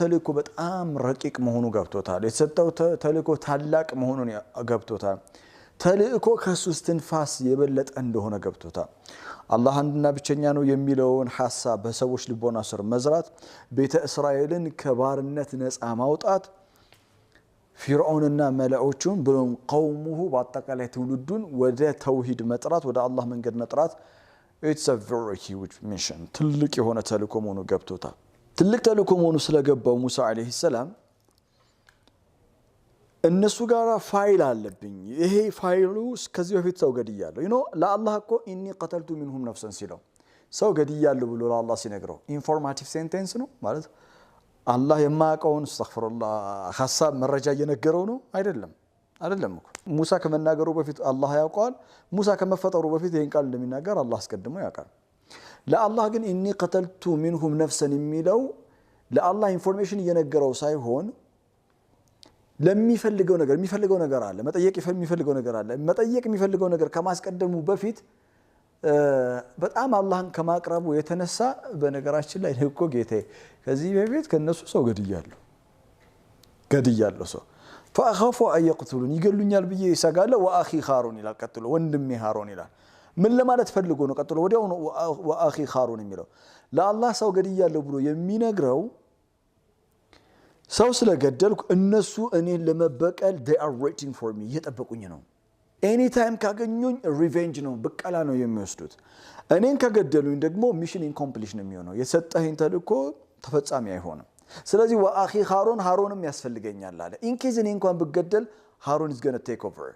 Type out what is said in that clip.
ተልእኮ በጣም ረቂቅ መሆኑ ገብቶታል። የተሰጠው ተልእኮ ታላቅ መሆኑን ገብቶታል። ተልእኮ ከእሱ እስትንፋስ የበለጠ እንደሆነ ገብቶታል። አላህ አንድና ብቸኛ ነው የሚለውን ሐሳብ በሰዎች ልቦና ስር መዝራት፣ ቤተ እስራኤልን ከባርነት ነፃ ማውጣት፣ ፊርዖንና መላዎቹን ብሎም ቀውሙሁ በአጠቃላይ ትውልዱን ወደ ተውሂድ መጥራት፣ ወደ አላህ መንገድ መጥራት ኢትስ ቨሪ ሂውጅ ሚሽን ትልቅ የሆነ ተልእኮ መሆኑ ገብቶታል። ትልቅ ተልእኮ መሆኑ ስለገባው ሙሳ ዓለይሂ ሰላም እነሱ ጋር ፋይል አለብኝ፣ ይሄ ፋይሉ እስከዚህ በፊት ሰው ገድያለሁ ይኖ ለአላህ እኮ ኢኒ ቀተልቱ ሚንሁም ነፍሰን ሲለው ሰው ገድያለሁ ብሎ ለአላህ ሲነግረው ኢንፎርማቲቭ ሴንቴንስ ነው ማለት አላህ የማያውቀውን እስተግፍሩላህ ሀሳብ መረጃ እየነገረው ነው አይደለም አይደለም እኮ ሙሳ ከመናገሩ በፊት አላህ ያውቀዋል። ሙሳ ከመፈጠሩ በፊት ይህን ቃል እንደሚናገር አላህ አስቀድሞ ያውቃል። ለአላህ ግን ኢኒ ቀተልቱ ሚንሁም ነፍሰን የሚለው ለአላህ ኢንፎርሜሽን እየነገረው ሳይሆን ለሚፈልገው ነገር የሚፈልገው ነገር አለ፣ መጠየቅ የሚፈልገው ነገር አለ። መጠየቅ የሚፈልገው ነገር ከማስቀደሙ በፊት በጣም አላህን ከማቅረቡ የተነሳ በነገራችን ላይ እኮ ጌቴ ከዚህ በፊት ከነሱ ሰው ገድያለሁ ገድያለሁ ሰው ፈአኸፉ አየቅትሉን ይገሉኛል ብዬ ይሰጋለ። ወአኺ ሃሩን ይላል ቀጥሎ ወንድሜ ሃሩን ይላል። ምን ለማለት ፈልጎ ነው? ቀጥሎ ወዲያውኑ ወአኺ ኻሩን የሚለው ለአላህ ሰው ገድያለሁ ብሎ የሚነግረው ሰው ስለገደልኩ እነሱ እኔን ለመበቀል ዌይቲንግ ፎር ሚ እየጠበቁኝ ነው። ኤኒ ታይም ካገኙኝ ሪቬንጅ ነው ብቀላ ነው የሚወስዱት። እኔን ከገደሉኝ ደግሞ ሚሽን ኢንኮምፕሊሽ ነው የሚሆነው። የሰጠኸኝ ተልእኮ ተፈጻሚ አይሆንም። ስለዚህ ወአኺ ኻሩን ሀሮንም ያስፈልገኛል አለ። ኢንኬዝ እኔ እንኳን ብገደል ሀሮን ኢዝ ገነ ቴክ ኦቨር